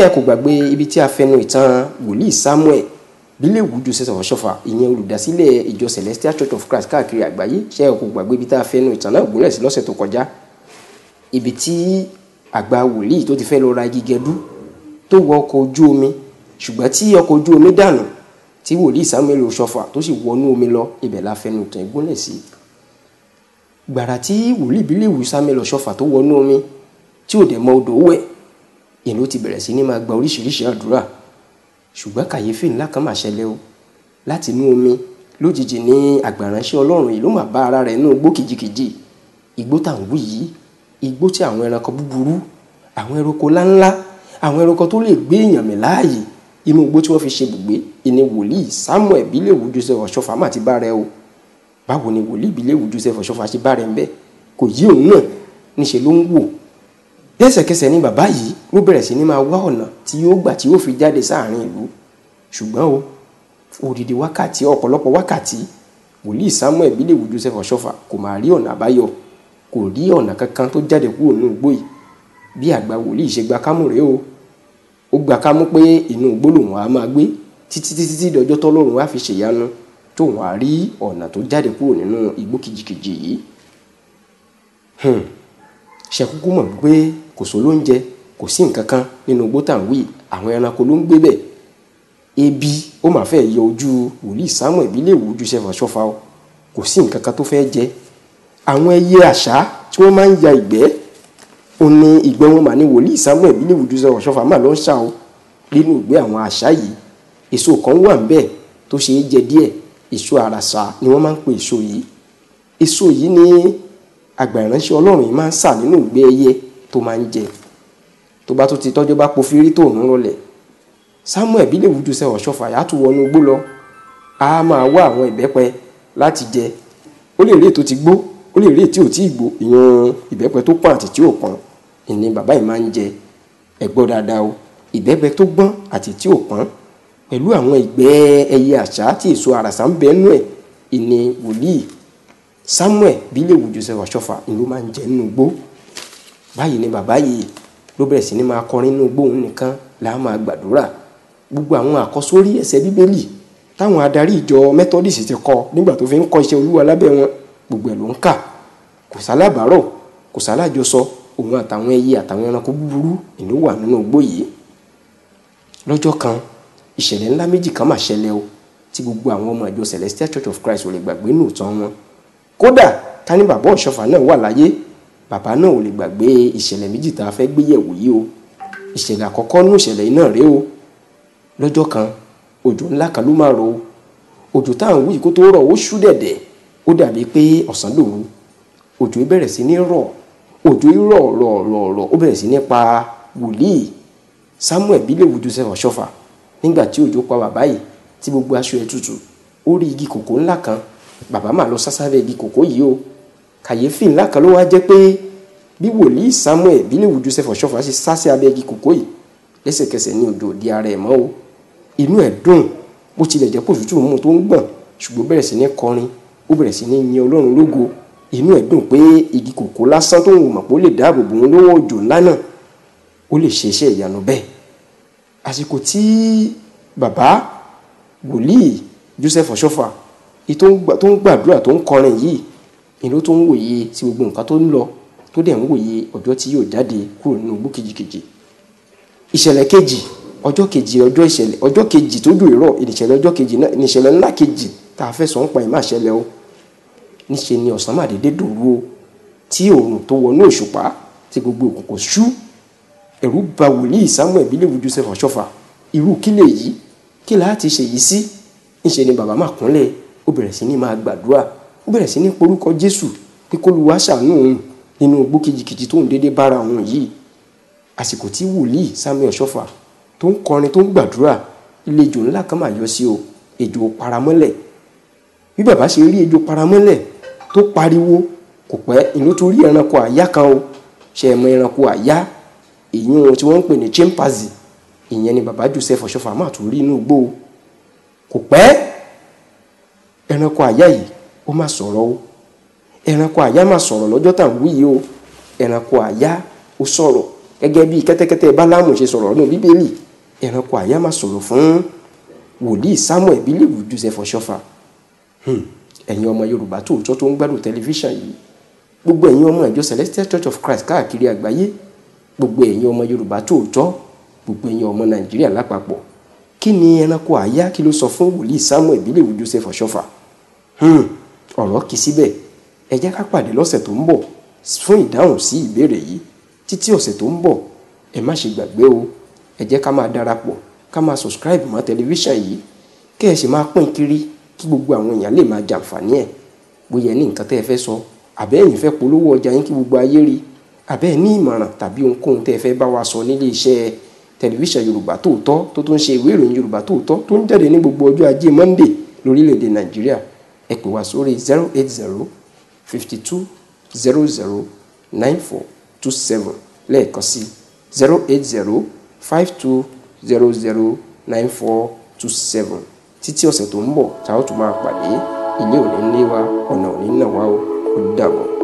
ẹ kò gbàgbé ibi tí a fẹnu ìtàn wòlíì Samuel bílẹ̀ wùdú sẹ́sẹ̀ ọ̀ṣọ́fà ìyẹn olùdásílẹ̀ ìjọ Celestial Church of Christ káàkiri àgbáyé ṣé ẹ kò gbàgbé ibi tá a fẹnu ìtàn náà gúnlẹ̀ sí lọ́sẹ̀ tó kọjá ibi tí àgbà wòlíì tó ti fẹ́ lọ ra igi gẹdú tó wọ ọkọ̀ ojú omi ṣùgbọ́n tí ọkọ̀ ojú omi dànù tí wòlíì Samuel ọ̀ṣọ́fà tó sì wọnú omi lọ ibẹ̀ la fẹnu ìtàn ìgúnlẹ̀ ìlú ti bẹ̀rẹ̀ sí ní máa gba oríṣiríṣi àdúrà ṣùgbọ́n kàyéfì ńlá kan máa ṣẹlẹ̀ o láti inú omi lójijì ní àgbàránṣẹ́ ọlọ́run yìí ló máa bá ara rẹ̀ nínú igbó kìjikìji igbó tá à ń wí yìí igbó tí àwọn ẹranko búburú àwọn ẹranko láńlá àwọn ẹranko tó lè gbé èèyàn mì láàyè inú igbó tí wọ́n fi ṣe ibùgbé ìní wòlíì samuel bílẹ̀wù joseph ọ̀ṣọ́fà má ti bá rẹ o báwo ni wòlíì bílẹ̀wù joseph ọ̀ṣọ́fà ṣe bá rẹ ń bẹ́ kò yí òun náà níṣẹ́ ló ń wò lẹ́sẹ̀kẹsẹ̀ ni bàbá yìí ló bẹ̀rẹ̀ sí ni máa wá ọ̀nà tí yóò gbà tí yóò fi jáde sáàrin ìlú ṣùgbọ́n o odidi wákàtí ọ̀pọ̀lọpọ̀ wákàtí wòlíì Samuel Bídèwù Joseph Ọ̀ṣọ́fà kò máa rí ọ̀nà àbáyọ kò rí ọ̀nà kankan tó jáde kúrò nínú igbó yìí bí àgbà wòlíì ṣe gba kámú rèé o ó gba kámú pé inú igbó lòun á máa gbé títí títí tí hmm. mọ̀ wípé kò sólóúnjẹ kò sí nǹkan kan nínú gbótàwí àwọn ẹranko ló ń gbé bẹ̀ ebi ó mà fẹ́ yọ ojú wòlíì Samuel ìbílẹ̀ ìwò ojú sẹ́fà sọ́fà o kò sí nǹkan kan tó fẹ́ jẹ àwọn ẹyẹ àṣá tí wọ́n máa ń ya ìgbẹ́ ó ní ìgbẹ́ wọn mà ní wòlíì Samuel ìbílẹ̀ ìwò ojú sẹ́fà sọ́fà mà ló o nínú ìgbẹ́ àwọn àṣá yìí èso kan wà ń bẹ̀ tó ṣe é jẹ díẹ̀ èso àràsà ni wọ́n máa ń pe èso yìí èso yìí ni àgbà ìránṣẹ́ Ọlọ́run yìí máa ń sà nínú ìgbẹ́ ẹyẹ tó máa ń jẹ tó bá tún ti tọ́jọ́ bá po firi tó òun rọlẹ̀ Samuel Bílẹ̀wùdù sẹ́ ọ̀ṣọ́fà á tún wọnú igbó lọ á máa wá àwọn ìbẹ́pẹ láti jẹ ó lè rí ètò ti gbó ó lè rí ètò tí ì gbó ìyẹn ìbẹ́pẹ tó pọ́n àti tí ò pọ́n ìní bàbá yìí máa ń jẹ ẹ̀gbọ́n dáadáa o ìbẹ́pẹ tó gbọ́n àti tí ò pọ́n pẹ̀lú àwọn ìgbẹ́ ẹyẹ àṣá tí èso àràsà ń bẹ́ẹ̀ nú ẹ̀ ìní wòlíì Samuel Bílẹ̀wùdù sẹ́ ọ̀ṣọ́fà ìlú máa ń jẹ nínú igbó báyìí ni bàbá yìí ló bẹ̀rẹ̀ sí ni máa kọrin inú gbóhùn nìkan là á máa gbàdúrà gbogbo àwọn àkọsórí ẹsẹ̀ bíbélì táwọn adarí ìjọ mẹ́tọ́dìsì ti kọ nígbà tó fi ń kọ iṣẹ́ olúwa lábẹ́ wọn gbogbo ẹ̀ ló ń kà kò sálábàárọ̀ kò sálájọsọ òun àtàwọn ẹyẹ àtàwọn ẹranko búburú ìlú wà nínú igbó yìí lọ́jọ́ kan ìṣẹ̀lẹ̀ ńlá méjì kan mà ṣẹlẹ̀ o tí gbogbo àwọn ọmọ ìjọ Celestial Church of Christ ò lè gbàgbé nù tán wọn kódà ká ní bàbá ọ̀ṣọ́fà náà wà láyé bàbá náà ò lè gbàgbé ìṣẹ̀lẹ̀ méjì tá a fẹ́ gbé yẹ̀wò yìí o ìṣẹ̀lẹ̀ àkọ́kọ́ nú ìṣẹ̀lẹ̀ iná rèé o lọ́jọ́ kan òjò ńlá kan ló máa rọ o òjò tá à ń wí kó tó rọ̀ ó ṣú dẹ̀dẹ̀ ó dàbí pé ọ̀sán lòru òjò yìí bẹ̀rẹ̀ sí ní rọ̀ òjò yìí rọ̀ rọ̀ rọ̀ rọ̀ ó bẹ̀rẹ̀ sí ní pa wòlíì Samuel bílẹ̀wù Joseph ọ̀ṣọ́fà nígbà tí òjò pa bàbá yìí tí gbogbo aṣọ ẹ̀ tutù ó rí igi kòkó ńlá kan bàbá mà lọ sásábẹ́ igi kòkó yìí o kàyéfì ńlá kan ló wá jẹ́ pé bí wòlíì Samuel bí léwu Joseph Ọ̀ṣọ́fà ṣe sá sí abẹ́ igi kòkó yìí lẹ́sẹ̀kẹsẹ̀ ní odò òdi ara ẹ̀ mọ́ o inú ẹ̀ dùn bó tilẹ̀ jẹ́ pò tútù mú tó ń gbọ̀n ṣùgbọ́n bẹ̀rẹ̀ sí ní kọrin ó bẹ̀rẹ̀ sí ní yin Ọlọ́run lógo inú ẹ̀ dùn pé igi kòkó lásán tó ń mọ̀ pé lè dáàbò bò ń lọ́wọ́ òjò ńlá náà ó lè ṣe iṣẹ́ ìyanu bẹ́ẹ̀ àsìkò tí bàbá wòlíì Joseph Ọ̀ṣọ́fà tó ń gbàdúrà tó ń kọrin yìí ìlú tó ń wòye sí gbogbo nǹkan tó ń lọ tó dẹ̀ ń wòye ọjọ́ tí yóò jáde kúrò nínú igbó kejìkejì ìṣẹ̀lẹ̀ kejì ọjọ́ kejì ọjọ́ ìṣẹ̀lẹ̀ ọjọ́ kejì tó dùn ìrọ̀ ìṣẹ̀lẹ̀ ọjọ́ kejì náà ìṣẹ̀lẹ̀ ńlá kejì tá a fẹ́ sọ ń pa ìmọ̀ àṣẹlẹ̀ o níṣe ni ọ̀sán má dédé dòru o tí òòrùn tó wọnú òṣùpá tí gbogbo òkùnkùn ṣú ẹ̀rù bà wòlíì Samuel Bílẹ̀wù Joseph Ọ̀ṣọ́fà irú kí lè yí kí láti ṣèyí sí níṣe ni bàbá má kúnlẹ̀ ó bẹ̀rẹ̀ sí ní máa gbàdúrà bẹ̀rẹ̀ sí ní porúkọ Jésù pé kó lu aṣàánú òun nínú ogbó kìjìkìjì tó ń déédéé bára òun yìí àsìkò tí wòlíì Samuel Ṣọfà tó ń kọrin tó ń gbàdúrà ìlejò ńlá kan máa yọ sí o ejò paramọ́lẹ̀ bí bàbá ṣe rí ejò paramọ́lẹ̀ tó pariwo kò pẹ́ ìlú tó rí ẹranko àyá kan o ṣe ẹ̀mọ ẹranko àyá èyí tí wọ́n ń pè ní chimpanzee ìyẹn ni bàbá Joseph Ọ̀ṣọ́fà máa tún rí inú igbó o kò pẹ́ ẹranko àyá yìí ó má sọ̀rọ̀ o ẹranko àyá má sọ̀rọ̀ lọ́jọ́ tá à ń wí yìí o ẹranko àyá ó sọ̀rọ̀ gẹ́gẹ́ bí kẹ́tẹ́kẹ́tẹ́ bálámù ṣe sọ̀rọ̀ nínú bíbélì ẹranko àyá má sọ̀rọ̀ fún wòlíì samuel bílíìbù joseph ọ̀ṣọ́fà hmm, ẹ̀yin ọmọ yorùbá tòótọ́ tó ń gbádùn tẹlifíṣàn yìí gbogbo ẹ̀yin ọmọ ìjọ celestial church of christ káàkiri àgbáyé gbogbo ẹ̀yin ọmọ yorùbá tòótọ́ gbogbo ẹ̀yin ọmọ nàìjíríà lápapọ̀ kí ni ẹranko àyá kí ló sọ fún wòlíì samuel bílíìbù joseph ọ̀ṣọ́fà hmm, ọ̀rọ̀ kì í síbẹ̀ ẹ jẹ́ ká pàdé lọ́sẹ̀ tó ń bọ̀ fún ìdáhùn sí ìbéèrè yìí títí ọ̀sẹ̀ tó ń bọ̀ ẹ má ṣe gbàgbé o ẹ jẹ́ ká máa darapọ̀ ká máa subscribe mọ́ tẹlifíṣàn yìí kẹ́ ẹ sì máa pín kiri kí gbogbo àwọn èèyàn lè máa jàǹfààní ẹ̀ bóyá ní nǹkan tẹ́ ẹ fẹ́ sọ àbẹ́ ẹ̀yin fẹ́ polówó ọjà yín kí gbogbo ayé rí àbẹ́ ẹ ní ìmọ̀ràn tàbí ohunkóhun tẹ́ ẹ fẹ́ bá wa sọ nílé iṣẹ́ tẹlifíṣàn yorùbá tòótọ́ tó tún ṣe ìwé ìròyìn yorùbá tòótọ́ tó ń jáde ní gbogbo ọjọ́ ajé monday lórílẹ̀‐èdè nàìjíríà ẹ pè wá sórí zero eight zero fifty two zero zero nine four two seven lẹ́ẹ̀kan sí zero eight zero five two zero zero nine four two seven títí ọ̀sẹ̀ tó ń bọ̀ tá a ó tún máa pàdé ilé òní ń lé wa ọ̀nà òní ń nà wá ó dàbọ̀.